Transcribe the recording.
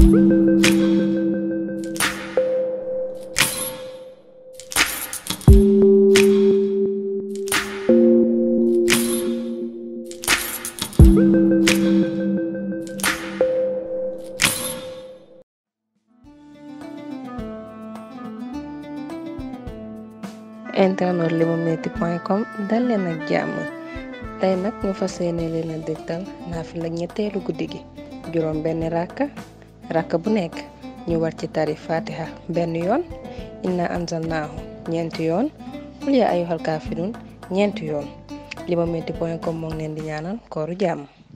internet limametti.com dal leen ak jàmm tey nag ñu fas yéene leen a dégtal naafila ñetteelu guddi gi juróom benn ràkka rakk bu nekk ñu war ci tari fatiha benn yoon inna anzalnaahu ñeenti yoon qul yaa ayyuhal ñeenti yoon limametti point com moo leen di ñaanal koru jàmm